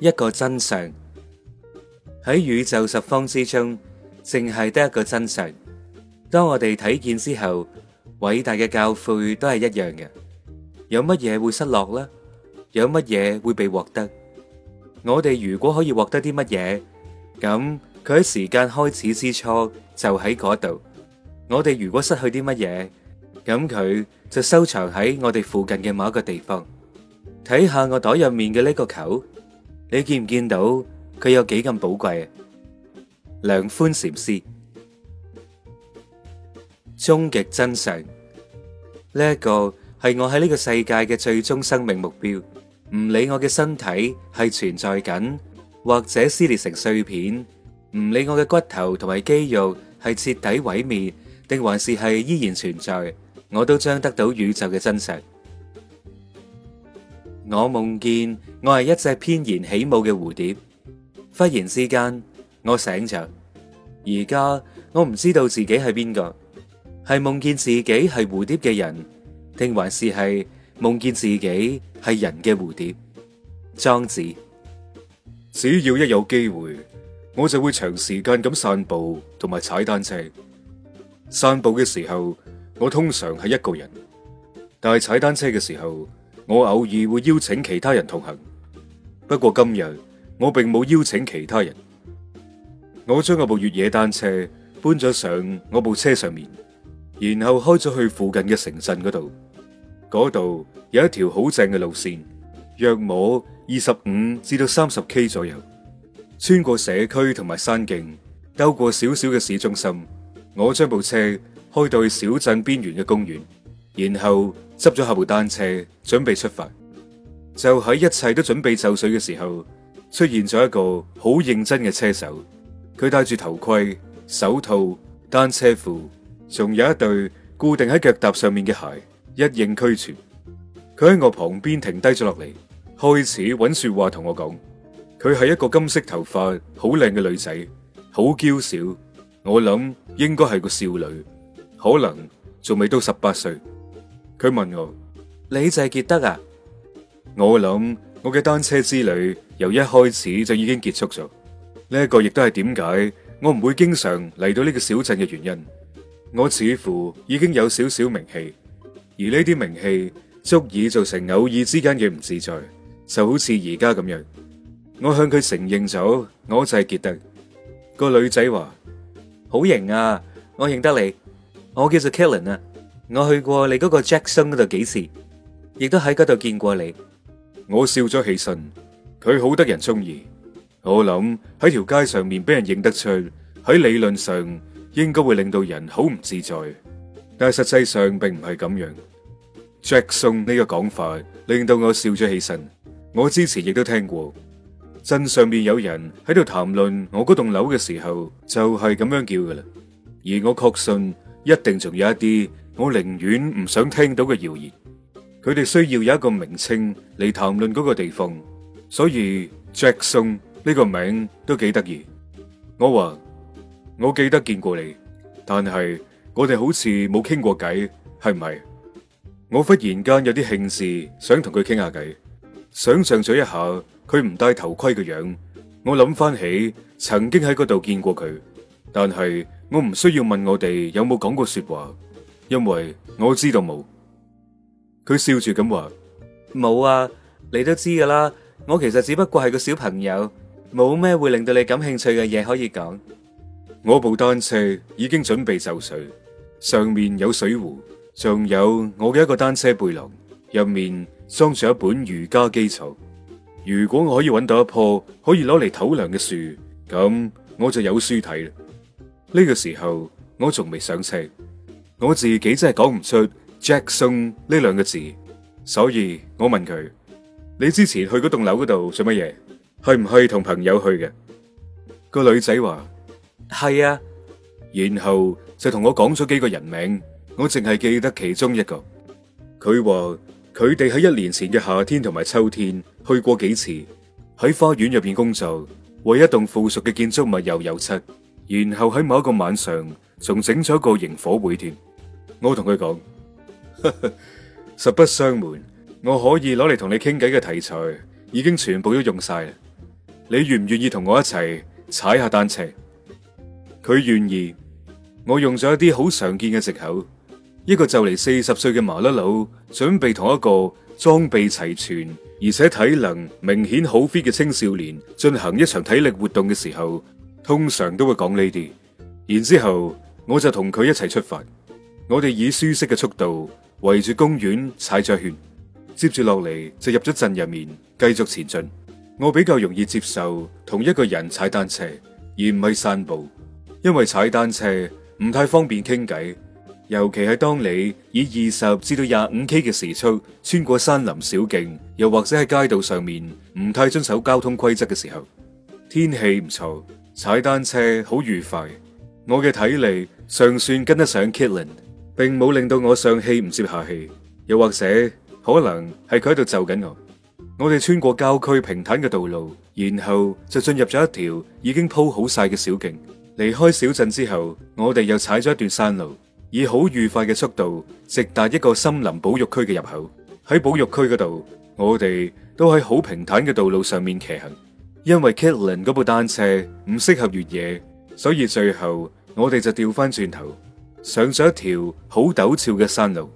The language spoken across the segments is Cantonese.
一個真相，喺宇宙十方之中，淨係得一個真相。當我哋睇見之後，偉大嘅教誨都係一樣嘅。有乜嘢會失落啦？有乜嘢會被獲得？我哋如果可以獲得啲乜嘢，咁佢喺時間開始之初就喺嗰度。我哋如果失去啲乜嘢，咁佢就收藏喺我哋附近嘅某一個地方。睇下我袋入面嘅呢個球。你見唔見到佢有幾咁寶貴？梁寬禪師，終極真相呢一個係我喺呢個世界嘅最終生命目標。唔理我嘅身體係存在緊，或者撕裂成碎片；唔理我嘅骨頭同埋肌肉係徹底毀滅，定還是係依然存在，我都將得到宇宙嘅真實。我夢見我係一隻翩然起舞嘅蝴蝶，忽然之間我醒着。而家我唔知道自己係邊個，係夢見自己係蝴蝶嘅人，定還是係夢見自己係人嘅蝴蝶？莊子：「只要一有機會，我就會長時間咁散步同埋踩單車。散步嘅時候，我通常係一個人，但係踩單車嘅時候。我偶爾會邀請其他人同行，不過今日我並冇邀請其他人。我將我部越野單車搬咗上我部車上面，然後開咗去附近嘅城鎮嗰度。嗰度有一條好正嘅路線，約摸二十五至到三十 K 左右，穿過社區同埋山徑，兜過少少嘅市中心。我將部車開到去小鎮邊緣嘅公園。然後執咗下部單車，準備出發。就喺一切都準備就緒嘅時候，出現咗一個好認真嘅車手。佢戴住頭盔、手套、單車褲，仲有一對固定喺腳踏上面嘅鞋，一應俱全。佢喺我旁邊停低咗落嚟，開始揾說話同我講。佢係一個金色頭髮、好靚嘅女仔，好嬌小。我諗應該係個少女，可能仲未到十八歲。佢問我：你就係杰德啊？我諗我嘅單車之旅由一開始就已經結束咗。呢一個亦都係點解我唔會經常嚟到呢個小鎮嘅原因。我似乎已經有少少名氣，而呢啲名氣足以造成偶爾之間嘅唔自在，就好似而家咁樣。我向佢承認咗，我就係杰德。個女仔話：好型啊！我認得你，我叫做 Kellen 啊。我去過你嗰個 Jackson 嗰度，幾時，亦都喺嗰度見過你。我笑咗起身，佢好得人中意。我諗喺條街上面俾人認得出，喺理論上應該會令到人好唔自在，但係實際上並唔係咁樣。Jackson 呢個講法令到我笑咗起身。我之前亦都聽過，鎮上面有人喺度談論我嗰棟樓嘅時候，就係咁樣叫嘅啦。而我確信，一定仲有一啲。我寧願唔想聽到嘅謠言，佢哋需要有一個名稱嚟談論嗰個地方，所以 Jackson 呢個名都幾得意。我話我記得見過你，但係我哋好似冇傾過偈，係唔係？我忽然間有啲興致，想同佢傾下偈。想象咗一下佢唔戴頭盔嘅樣，我諗翻起曾經喺嗰度見過佢，但係我唔需要問我哋有冇講過說話。因為我知道冇。佢笑住咁話冇啊，你都知㗎啦，我其實只不過係個小朋友，冇咩會令到你感興趣嘅嘢可以講。我部單車已經準備就緒，上面有水壺，仲有我嘅一個單車背囊，入面裝住一本瑜伽基礎。如果我可以揾到一棵可以攞嚟唞涼嘅樹，咁我就有書睇啦。呢、這個時候我仲未上車。我自己真係講唔出 Jackson 呢兩個字，所以我問佢：你之前去嗰棟樓嗰度做乜嘢？係唔係同朋友去嘅？個女仔話係啊，然後就同我講咗幾個人名，我淨係記得其中一個。佢話佢哋喺一年前嘅夏天同埋秋天去過幾次，喺花園入邊工作，為一棟附屬嘅建築物又有漆，然後喺某一個晚上仲整咗個營火會添。我同佢講，實不相瞞，我可以攞嚟同你傾偈嘅題材已經全部都用晒啦。你願唔願意同我一齊踩一下單車？佢願意。我用咗一啲好常見嘅借口，一個就嚟四十歲嘅麻甩佬準備同一個裝備齊全而且體能明顯好 fit 嘅青少年進行一場體力活動嘅時候，通常都會講呢啲。然之後我就同佢一齊出發。我哋以舒適嘅速度圍住公園踩着圈，接住落嚟，就入咗鎮入面，繼續前進。我比較容易接受同一個人踩單車，而唔係散步，因為踩單車唔太方便傾偈，尤其係當你以二十至到廿五 k 嘅時速穿過山林小徑，又或者喺街道上面唔太遵守交通規則嘅時候，天氣唔錯，踩單車好愉快。我嘅體力尚算跟得上 Killen 並冇令到我上氣唔接下氣，又或者可能係佢喺度就緊我。我哋穿過郊區平坦嘅道路，然後就進入咗一條已經鋪好晒嘅小徑。離開小鎮之後，我哋又踩咗一段山路，以好愉快嘅速度直達一個森林保育區嘅入口。喺保育區嗰度，我哋都喺好平坦嘅道路上面騎行，因為 Katherine 嗰部單車唔適合越野，所以最後我哋就掉翻轉頭。上咗一條好陡峭嘅山路，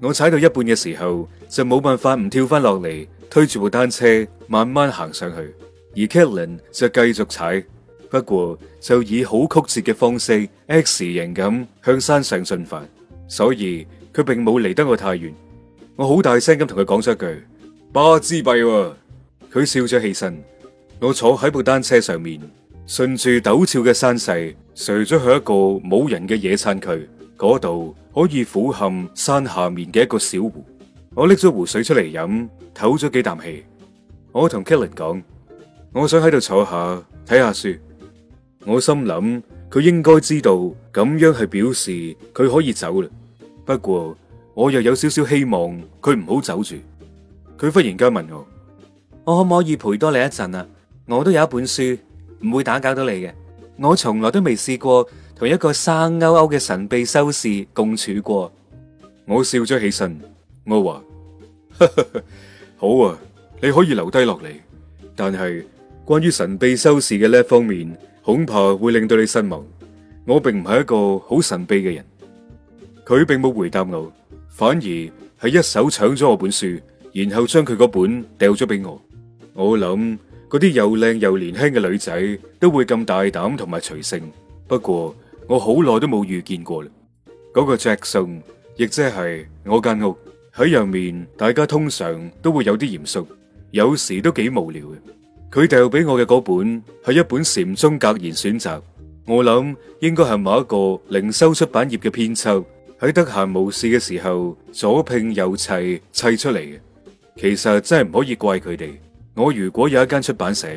我踩到一半嘅時候就冇辦法唔跳翻落嚟，推住部單車慢慢行上去。而 Katherine 就繼續踩，不過就以好曲折嘅方式 X 型咁向山上進發，所以佢並冇離得我太遠。我好大聲咁同佢講咗一句：巴之閉啊。佢笑咗起身，我坐喺部單車上面。順住陡峭嘅山勢，隨咗去一個冇人嘅野餐區，嗰度可以俯瞰山下面嘅一個小湖。我拎咗湖水出嚟飲，唞咗幾啖氣。我同 Kellen 講，我想喺度坐下睇下書。我心諗佢應該知道咁樣係表示佢可以走啦。不過我又有少少希望佢唔好走住。佢忽然間問我，我可唔可以陪多你一陣啊？我都有一本書。唔會打攪到你嘅，我從來都未試過同一個生勾勾嘅神秘修士共處過。我笑咗起身，我話： 好啊，你可以留低落嚟，但係關於神秘修士嘅呢一方面，恐怕會令到你失望。我並唔係一個好神秘嘅人。佢並冇回答我，反而係一手搶咗我本書，然後將佢嗰本掉咗俾我。我諗。嗰啲又靚又年輕嘅女仔都會咁大膽同埋隨性，不過我好耐都冇遇見過啦。嗰個 Jackson，亦即係我間屋喺入面，大家通常都會有啲嚴肅，有時都幾無聊嘅。佢掉俾我嘅嗰本係一本禪宗格言選集，我諗應該係某一個靈修出版業嘅編輯喺得閒無事嘅時候左拼右砌砌出嚟嘅。其實真係唔可以怪佢哋。我如果有一間出版社，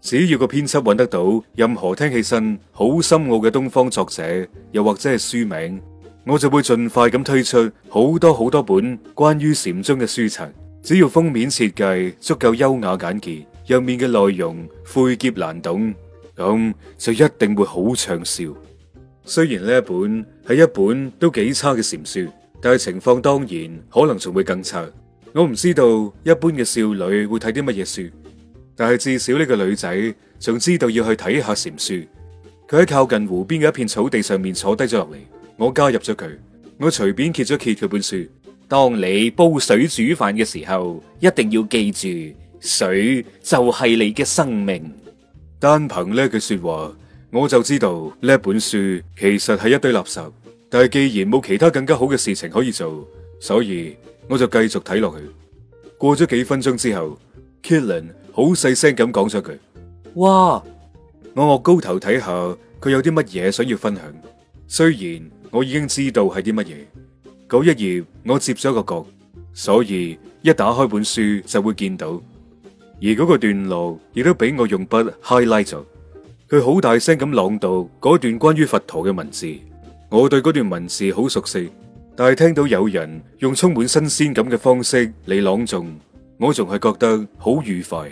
只要個編輯揾得到任何聽起身好深奧嘅東方作者，又或者係書名，我就會盡快咁推出好多好多本關於禪宗嘅書冊。只要封面設計足夠優雅簡潔，入面嘅內容晦澀難懂，咁就一定會好暢銷。雖然呢一本係一本都幾差嘅禪書，但係情況當然可能仲會更差。我唔知道一般嘅少女會睇啲乜嘢書，但係至少呢個女仔仲知道要去睇下禪書。佢喺靠近湖邊嘅一片草地上面坐低咗落嚟，我加入咗佢。我隨便揭咗揭佢本書。當你煲水煮飯嘅時候，一定要記住，水就係你嘅生命。單憑呢句說話，我就知道呢本書其實係一堆垃圾。但係既然冇其他更加好嘅事情可以做，所以我就繼續睇落去。過咗幾分鐘之後，Kilian 好細聲咁講咗句：哇！我我高頭睇下佢有啲乜嘢想要分享。雖然我已經知道係啲乜嘢，嗰一頁我接咗一個角，所以一打開本書就會見到。而嗰個段落亦都俾我用筆 highlight 咗。佢好大聲咁朗讀嗰段關於佛陀嘅文字。我對嗰段文字好熟悉。但係聽到有人用充滿新鮮感嘅方式嚟朗誦，我仲係覺得好愉快。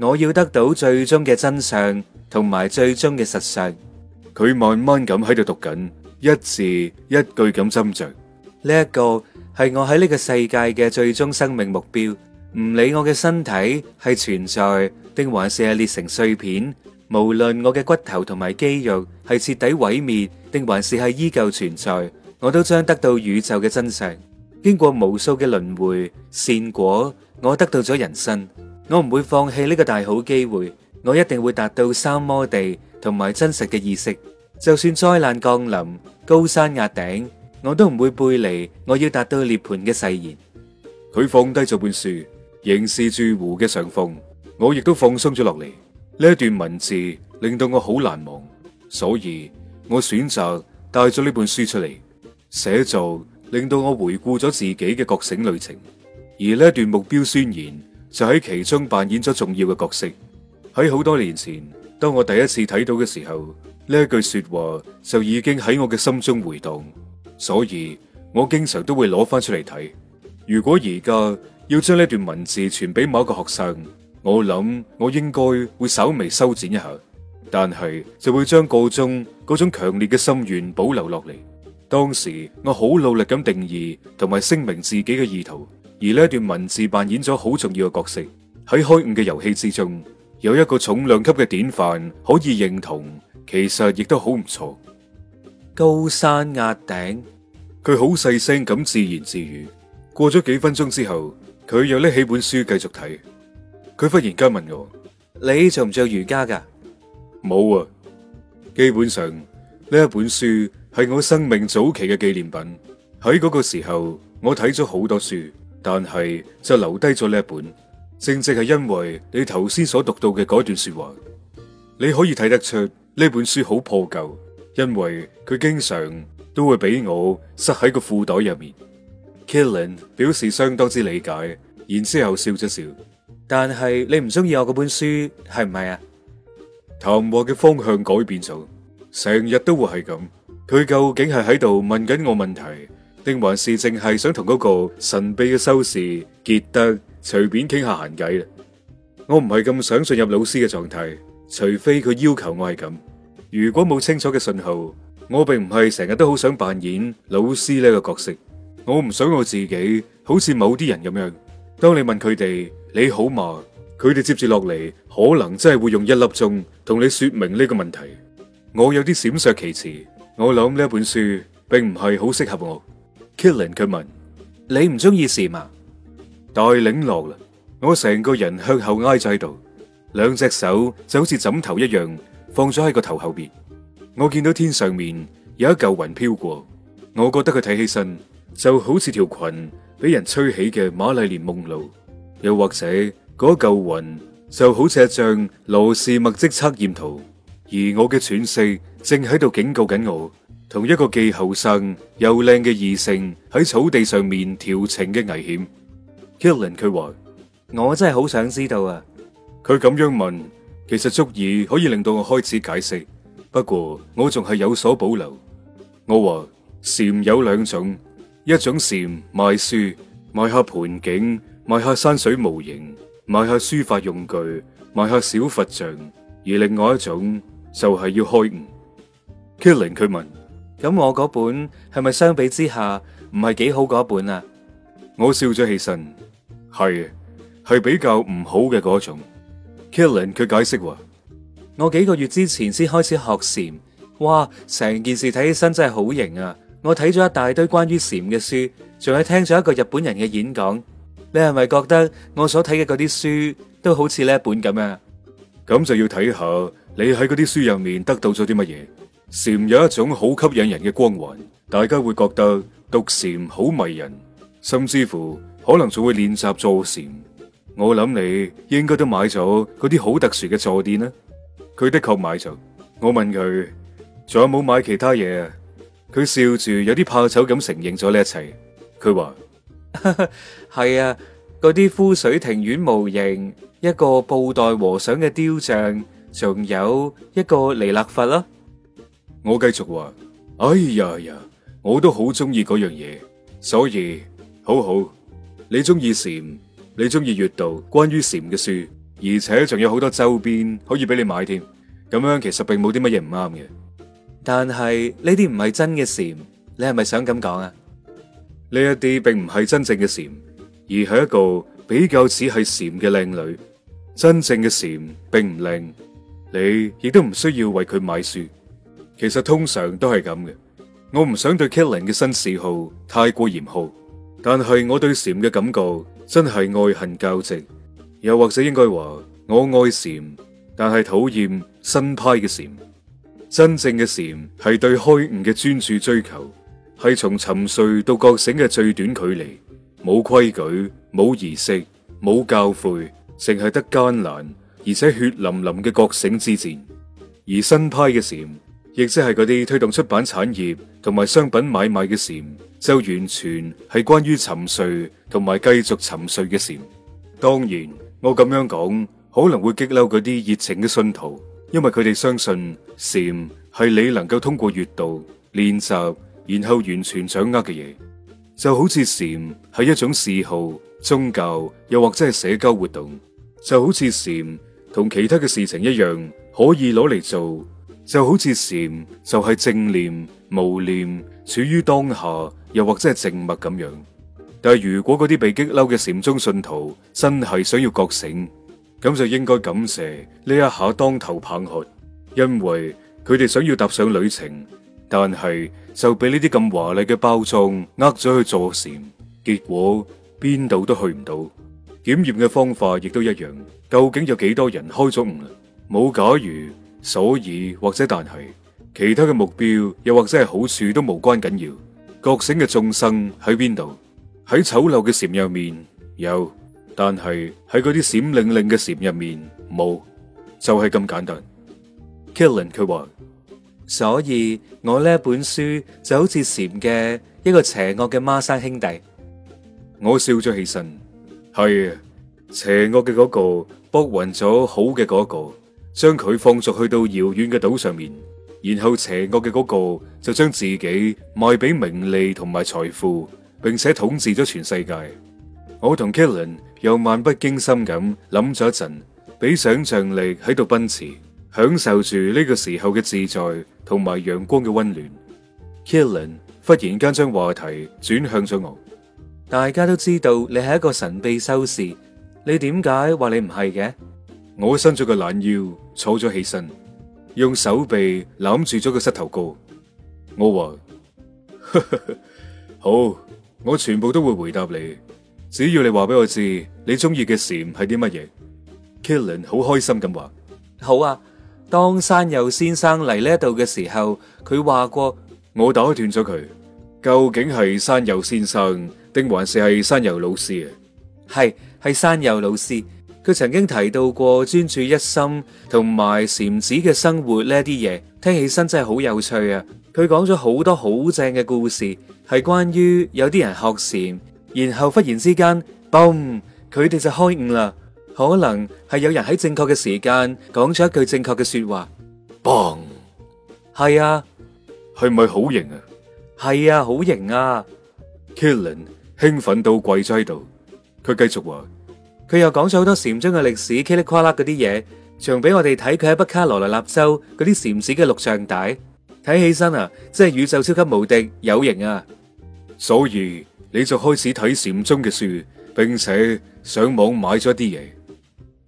我要得到最終嘅真相同埋最終嘅實相。佢慢慢咁喺度讀緊，一字一句咁斟酌。呢一個係我喺呢個世界嘅最終生命目標。唔理我嘅身體係存在定還是係裂成碎片，無論我嘅骨頭同埋肌肉係徹底毀滅定還是係依舊存在。我都將得到宇宙嘅真相。經過無數嘅輪迴善果，我得到咗人生。我唔會放棄呢個大好機會，我一定會達到三摩地同埋真實嘅意識。就算災難降臨，高山壓頂，我都唔會背離我要達到涅槃嘅誓言。佢放低咗本書，凝視住湖嘅上風。我亦都放鬆咗落嚟。呢段文字令到我好難忘，所以我選擇帶咗呢本書出嚟。寫作令到我回顧咗自己嘅覺醒旅程，而呢段目標宣言就喺其中扮演咗重要嘅角色。喺好多年前，當我第一次睇到嘅時候，呢句說話就已經喺我嘅心中回蕩。所以，我經常都會攞翻出嚟睇。如果而家要將呢段文字傳俾某一個學生，我諗我應該會稍微修剪一下，但係就會將個中嗰種強烈嘅心願保留落嚟。當時我好努力咁定義同埋聲明自己嘅意圖，而呢段文字扮演咗好重要嘅角色。喺開悟嘅遊戲之中，有一個重量級嘅典範可以認同，其實亦都好唔錯。高山壓頂，佢好細聲咁自言自語。過咗幾分鐘之後，佢又拎起本書繼續睇。佢忽然間問我：你做唔做瑜伽噶？冇啊，基本上呢一本書，係我生命早期嘅紀念品。喺嗰個時候，我睇咗好多書，但係就留低咗呢一本。正正係因為你頭先所讀到嘅嗰段說話，你可以睇得出呢本書好破舊，因為佢經常都會俾我塞喺個褲袋入面。Killing 表示相當之理解，然之後笑咗笑。但係你唔中意我嗰本書，係唔係啊？談話嘅方向改變咗，成日都會係咁。佢究竟係喺度問緊我問題，定還是淨係想同嗰個神秘嘅修士傑德隨便傾下閒偈啊？我唔係咁想進入老師嘅狀態，除非佢要求我係咁。如果冇清楚嘅信號，我並唔係成日都好想扮演老師呢個角色。我唔想我自己好似某啲人咁樣。當你問佢哋你好嘛？佢哋接住落嚟可能真係會用一粒鐘同你說明呢個問題。我有啲閃爍其詞。我諗呢一本書並唔係好適合我。Killing 佢問：你唔中意事嘛？大領落啦，我成個人向後挨咗喺度，兩隻手就好似枕頭一樣放咗喺個頭後邊。我見到天上面有一舊雲飄過，我覺得佢睇起身就好似條裙俾人吹起嘅馬麗蓮夢露，又或者嗰舊雲就好似一張羅氏墨跡測驗圖，而我嘅喘息。正喺度警告緊我同一個既後生又靚嘅異性喺草地上面調情嘅危險。一倫佢話，我真係好想知道啊！佢咁樣問，其實足以可以令到我開始解釋，不過我仲係有所保留。我話：禪有兩種，一種禪賣書、賣下盆景、賣下山水模型、賣下書法用具、賣下小佛像，而另外一種就係要開悟。Killing 佢問：咁我嗰本係咪相比之下唔係幾好嗰本啊？我笑咗起身，係，係比較唔好嘅嗰種。Killing 佢解釋話：我幾個月之前先開始學禪，哇！成件事睇起身真係好型啊！我睇咗一大堆關於禪嘅書，仲係聽咗一個日本人嘅演講。你係咪覺得我所睇嘅嗰啲書都好似呢一本咁啊？咁就要睇下你喺嗰啲書入面得到咗啲乜嘢。禪有一種好吸引人嘅光環，大家會覺得讀禪好迷人，甚至乎可能仲會練習坐禪。我諗你應該都買咗嗰啲好特殊嘅坐墊啦。佢的確買咗。我問佢仲有冇買其他嘢啊？佢笑住有啲怕醜咁承認咗呢一切。佢話係啊，嗰啲枯水庭院模型，一個布袋和尚嘅雕像，仲有一個彌勒佛啦、啊。我繼續話，哎呀呀，我都好中意嗰樣嘢，所以好好，你中意禪，你中意閱讀關於禪嘅書，而且仲有好多周邊可以俾你買添。咁樣其實並冇啲乜嘢唔啱嘅，但係呢啲唔係真嘅禪，你係咪想咁講啊？呢一啲並唔係真正嘅禪，而係一個比較似係禪嘅靚女。真正嘅禪並唔靚，你亦都唔需要為佢買書。其實通常都係咁嘅，我唔想對 Killing 嘅新嗜好太過嚴酷，但係我對禪嘅感覺真係愛恨交織，又或者應該話我愛禪，但係討厭新派嘅禪。真正嘅禪係對開悟嘅專注追求，係從沉睡到覺醒嘅最短距離，冇規矩，冇儀式，冇教誨，淨係得艱難而且血淋淋嘅覺醒之戰。而新派嘅禪，亦即係嗰啲推動出版產業同埋商品買賣嘅禪，就完全係關於沉睡同埋繼續沉睡嘅禪。當然，我咁樣講可能會激嬲嗰啲熱情嘅信徒，因為佢哋相信禪係你能夠通過閱讀、練習，然後完全掌握嘅嘢。就好似禪係一種嗜好、宗教，又或者係社交活動，就好似禪同其他嘅事情一樣，可以攞嚟做。就好似禪就係、是、正念、無念，處於當下，又或者係靜默咁樣。但係如果嗰啲被激嬲嘅禪宗信徒真係想要覺醒，咁就應該感謝呢一下當頭棒喝，因為佢哋想要踏上旅程，但係就俾呢啲咁華麗嘅包裝呃咗去坐禪，結果邊度都去唔到。檢驗嘅方法亦都一樣，究竟有幾多人開咗悟？冇假如。所以或者但係其他嘅目標又或者係好處都無關緊要。覺醒嘅眾生喺邊度？喺醜陋嘅禪入面有，但係喺嗰啲閃亮亮嘅禪入面冇。就係、是、咁簡單。Kellen 佢話，所以我呢一本書就好似禪嘅一個邪惡嘅孖生兄弟。我笑咗起身，係邪惡嘅嗰個卜暈咗好嘅嗰個。將佢放逐去到遙遠嘅島上面，然後邪惡嘅嗰個就將自己賣俾名利同埋財富，並且統治咗全世界。我同 Kellen 又漫不經心咁諗咗一陣，俾想象力喺度奔馳，享受住呢個時候嘅自在同埋陽光嘅溫暖。Kellen 忽然間將話題轉向咗我，大家都知道你係一個神秘修士，你點解話你唔係嘅？我伸咗個懶腰，坐咗起身，用手臂攬住咗個膝頭哥。我話：好，我全部都會回答你，只要你話俾我知你中意嘅禪係啲乜嘢。Kilian 好開心咁話：好啊，當山友先生嚟呢一度嘅時候，佢話過我打斷咗佢。究竟係山友先生定還是係山友老師啊？係係山友老師。佢曾經提到過專注一心同埋禪子嘅生活呢啲嘢，聽起身真係好有趣啊！佢講咗好多好正嘅故事，係關於有啲人學禪，然後忽然之間，嘣，佢哋就開悟啦。可能係有人喺正確嘅時間講咗一句正確嘅說話，嘣，係啊，係咪好型啊？係啊，好型啊！Killing 興奮到跪咗喺度，佢繼續話。佢又講咗好多禪宗嘅歷史噼里呱啦嗰啲嘢，仲俾我哋睇佢喺北卡羅萊納州嗰啲禪寺嘅錄像帶，睇起身啊，真係宇宙超級無敵有型啊！所以你就開始睇禪宗嘅書，並且上網買咗啲嘢。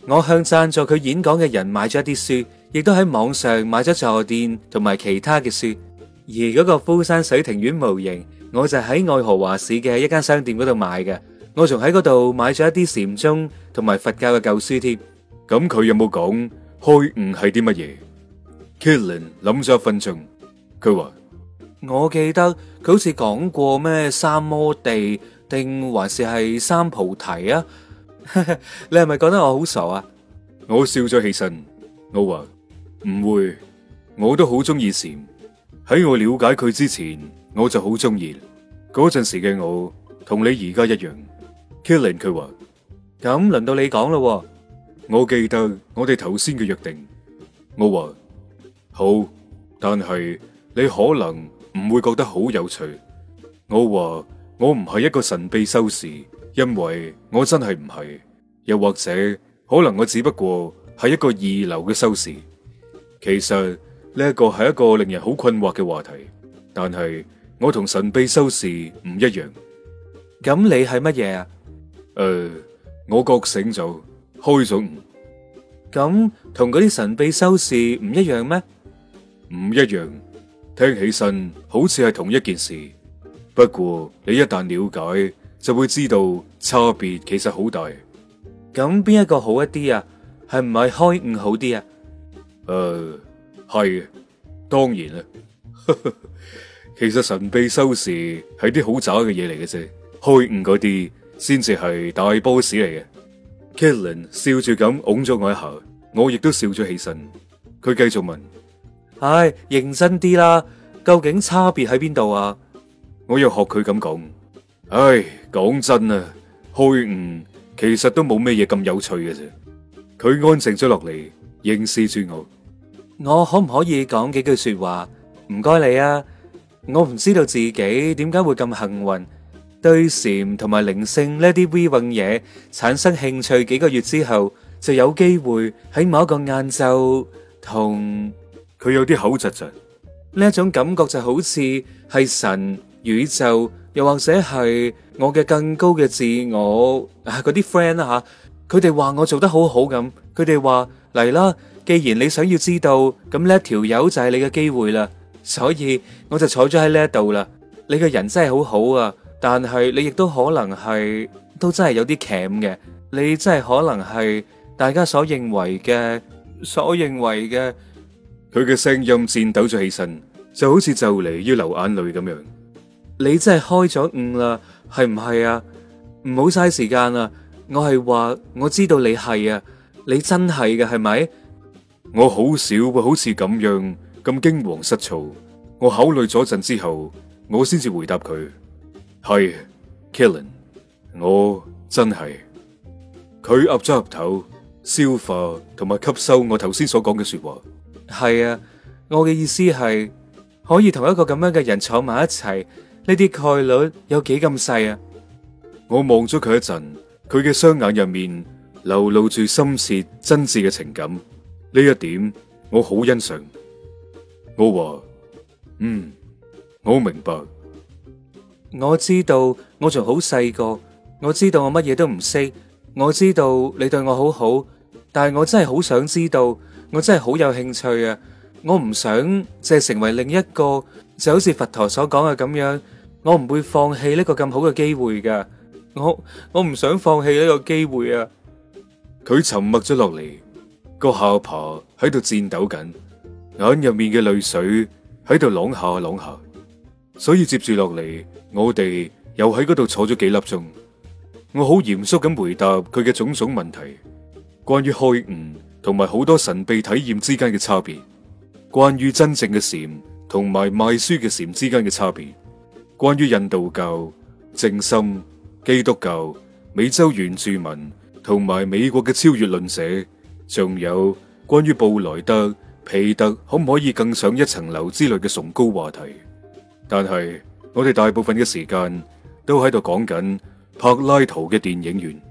我向贊助佢演講嘅人買咗啲書，亦都喺網上買咗坐墊同埋其他嘅書。而嗰個枯山水庭院模型，我就喺愛荷華市嘅一間商店嗰度買嘅。我仲喺嗰度買咗一啲禪宗同埋佛教嘅舊書添。咁佢有冇講開悟係啲乜嘢？Kilian 諗咗一分鐘，佢話：我記得佢好似講過咩三摩地，定還是係三菩提啊？你係咪覺得我好傻啊？我笑咗起身，我話唔會，我都好中意禪。喺我了解佢之前，我就好中意。嗰陣時嘅我同你而家一樣。Killing 佢話：咁輪到你講咯。哦，我記得我哋頭先嘅約定。我話好，但係你可能唔會覺得好有趣。我話我唔係一個神秘修士，因為我真係唔係。又或者可能我只不過係一個二流嘅修士。其實呢一個係一個令人好困惑嘅話題。但係我同神秘修士唔一樣。咁你係乜嘢啊？誒，uh, 我覺醒咗，開咗悟，咁同嗰啲神秘修士唔一樣咩？唔一樣，聽起身好似係同一件事，不過你一旦了解，就會知道差別其實好大。咁邊一個好一啲啊？係唔係開悟好啲啊？誒，係，當然啦。 其實神秘修士係啲好渣嘅嘢嚟嘅啫，開悟嗰啲。先至係大 boss 嚟嘅 Kellen 笑住咁拱咗我一下，我亦都笑咗起身。佢繼續問：，唉、哎，認真啲啦，究竟差別喺邊度啊？我又學佢咁講：，唉、哎，講真啊，虛誤其實都冇咩嘢咁有趣嘅啫。佢安靜咗落嚟，凝視住我。我可唔可以講幾句說話？唔該你啊，我唔知道自己點解會咁幸運。對禪同埋靈性呢啲微運嘢產生興趣，幾個月之後就有機會喺某一個晏晝同佢有啲口窒窒，呢一種感覺，就好似係神、宇宙，又或者係我嘅更高嘅自我嗰啲，啊、friend 啦、啊，吓佢哋話我做得好好咁，佢哋話嚟啦，既然你想要知道，咁呢一條友就係你嘅機會啦。所以我就坐咗喺呢一度啦。你個人真係好好啊！但係你亦都可能係都真係有啲鉗嘅，你真係可能係大家所認為嘅所認為嘅。佢嘅聲音顫抖咗起身，就好似就嚟要流眼淚咁樣。你真係開咗悟啦，係唔係啊？唔好嘥時間啦。我係話我知道你係啊，你真係嘅係咪？我好少會好似咁樣咁驚惶失措。我考慮咗陣之後，我先至回答佢。係，Kellen，我真係。佢岌咗岌頭，消化同埋吸收我頭先所講嘅說話。係啊，我嘅意思係可以同一個咁樣嘅人坐埋一齊，呢啲概率有幾咁細啊？我望咗佢一陣，佢嘅雙眼入面流露住深切真摯嘅情感，呢一點我好欣賞。我話，嗯，我明白。我知道我仲好細個，我知道我乜嘢都唔識，我知道你對我好好，但係我真係好想知道，我真係好有興趣啊！我唔想淨係成為另一個，就好似佛陀所講嘅咁樣，我唔會放棄呢個咁好嘅機會噶，我我唔想放棄呢個機會啊！佢沉默咗落嚟，個下巴喺度顫抖緊，眼入面嘅淚水喺度淌下淌下。所以接住落嚟，我哋又喺嗰度坐咗幾粒鐘。我好嚴肅咁回答佢嘅種種問題，關於開悟同埋好多神秘體驗之間嘅差別，關於真正嘅禪同埋賣書嘅禪之間嘅差別，關於印度教、正心、基督教、美洲原住民同埋美國嘅超越論者，仲有關於布萊德、皮特可唔可以更上一層樓之類嘅崇高話題。但係我哋大部分嘅時間都喺度講緊柏拉圖嘅電影院。